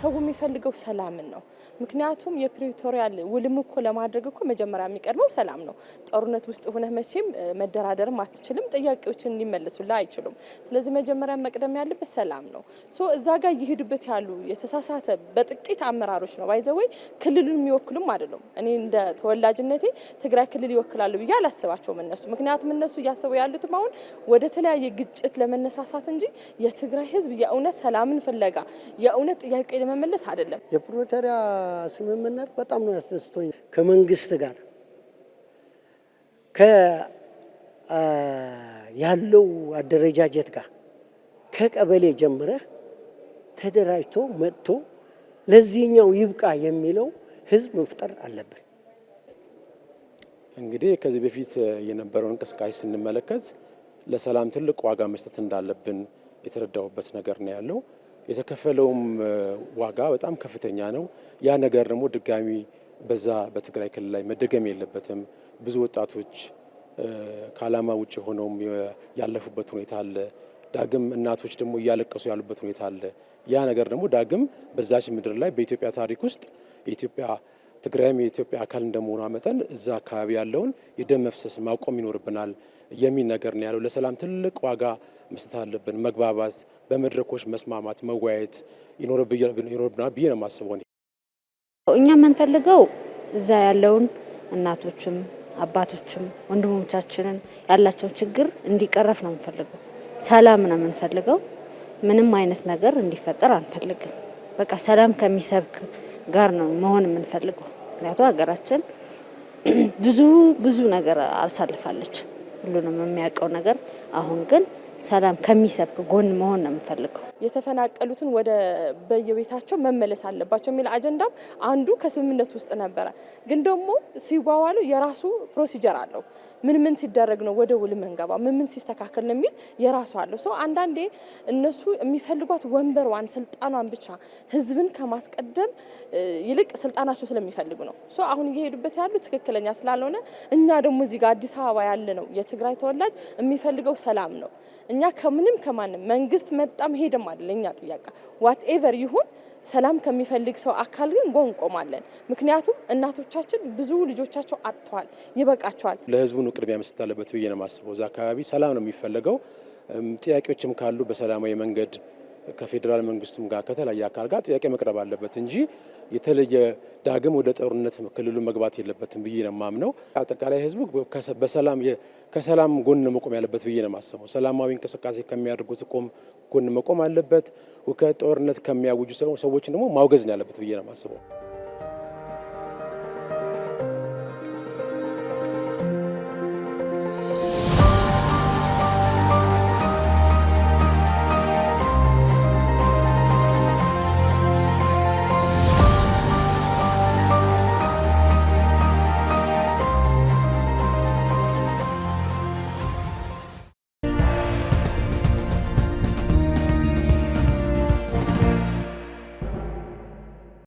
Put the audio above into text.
ሰው የሚፈልገው ሰላምን ነው። ምክንያቱም የፕሪቶሪያል ውልም እኮ ለማድረግ እኮ መጀመሪያ የሚቀድመው ሰላም ነው። ጦርነት ውስጥ ሁነህ መቼም መደራደርም አትችልም። ጥያቄዎችን ሊመልሱልህ አይችሉም። ስለዚህ መጀመሪያ መቅደም ያለበት ሰላም ነው። ሶ እዛ ጋር እየሄዱበት ያሉ የተሳሳተ በጥቂት አመራሮች ነው ባይዘወይ ክልሉን የሚወክሉም አይደሉም። እኔ እንደ ተወላጅነቴ ትግራይ ክልል ይወክላሉ ብዬ አላስባቸውም እነሱ ምክንያቱም እነሱ እያሰቡ ያሉትም አሁን ወደ ተለያየ ግጭት ለመነሳሳት እንጂ የትግራይ ህዝብ የእውነት ሰላምን ፍለጋ የእውነት ጥያቄ የመመለስ አይደለም። የፕሪቶሪያ ስምምነት በጣም ነው ያስደስቶኝ። ከመንግስት ጋር ያለው አደረጃጀት ጋር ከቀበሌ ጀምረህ ተደራጅቶ መጥቶ ለዚህኛው ይብቃ የሚለው ህዝብ መፍጠር አለብን። እንግዲህ ከዚህ በፊት የነበረው እንቅስቃሴ ስንመለከት ለሰላም ትልቅ ዋጋ መስጠት እንዳለብን የተረዳሁበት ነገር ነው ያለው። የተከፈለውም ዋጋ በጣም ከፍተኛ ነው። ያ ነገር ደግሞ ድጋሚ በዛ በትግራይ ክልል ላይ መደገም የለበትም። ብዙ ወጣቶች ከዓላማ ውጭ ሆነውም ያለፉበት ሁኔታ አለ። ዳግም እናቶች ደግሞ እያለቀሱ ያሉበት ሁኔታ አለ። ያ ነገር ደግሞ ዳግም በዛች ምድር ላይ በኢትዮጵያ ታሪክ ውስጥ የኢትዮጵያ ትግራይም የኢትዮጵያ አካል እንደመሆኗ መጠን እዛ አካባቢ ያለውን የደም መፍሰስ ማቆም ይኖርብናል የሚል ነገር ነው ያለው። ለሰላም ትልቅ ዋጋ መስጠት አለብን። መግባባት፣ በመድረኮች መስማማት፣ መወያየት ይኖርብናል ብዬ ነው የማስበው። እኛ የምንፈልገው እዛ ያለውን እናቶችም አባቶችም ወንድሞቻችንን ያላቸውን ችግር እንዲቀረፍ ነው የምንፈልገው። ሰላም ነው የምንፈልገው። ምንም አይነት ነገር እንዲፈጠር አንፈልግም። በቃ ሰላም ከሚሰብክ ጋር ነው መሆን የምንፈልገው። ምክንያቱም ሀገራችን ብዙ ብዙ ነገር አሳልፋለች፣ ሁሉንም የሚያውቀው ነገር አሁን ግን ሰላም ከሚሰብክ ጎን መሆን ነው የምፈልገው። የተፈናቀሉትን ወደ በየቤታቸው መመለስ አለባቸው የሚል አጀንዳም አንዱ ከስምምነት ውስጥ ነበረ። ግን ደግሞ ሲዋዋሉ የራሱ ፕሮሲጀር አለው። ምን ምን ሲደረግ ነው ወደ ውል መንገባ፣ ምን ምን ሲስተካከል ነው የሚል የራሱ አለው። ሰው አንዳንዴ እነሱ የሚፈልጓት ወንበሯን፣ ስልጣኗን ብቻ ህዝብን ከማስቀደም ይልቅ ስልጣናቸው ስለሚፈልጉ ነው። አሁን እየሄዱበት ያሉ ትክክለኛ ስላልሆነ እኛ ደግሞ እዚህ ጋር አዲስ አበባ ያለ ነው የትግራይ ተወላጅ የሚፈልገው ሰላም ነው እኛ ከምንም ከማንም መንግስት መጣም ሄደም አይደል እኛ ጥያቄ ዋት ኤቨር ይሁን ሰላም ከሚፈልግ ሰው አካል ግን ጎን ቆማለን። ምክንያቱም እናቶቻችን ብዙ ልጆቻቸው አጥተዋል፣ ይበቃቸዋል። ለህዝቡ ነው ቅድሚያ መስጠት አለበት ብዬ ነው የማስበው። እዛ አካባቢ ሰላም ነው የሚፈለገው። ጥያቄዎችም ካሉ በሰላማዊ መንገድ ከፌዴራል መንግስቱም ጋር ከተለያየ አካል ጋር ጥያቄ መቅረብ አለበት እንጂ የተለየ ዳግም ወደ ጦርነት ክልሉ መግባት የለበትም ብዬ ነው የማምነው። አጠቃላይ ህዝቡ በሰላም ከሰላም ጎን መቆም ያለበት ብዬ ነው የማስበው። ሰላማዊ እንቅስቃሴ ከሚያደርጉት ቆም ጎን መቆም አለበት። ውከት፣ ጦርነት ከሚያውጁ ሰዎችን ደግሞ ማውገዝ ነው ያለበት ብዬ ነው የማስበው።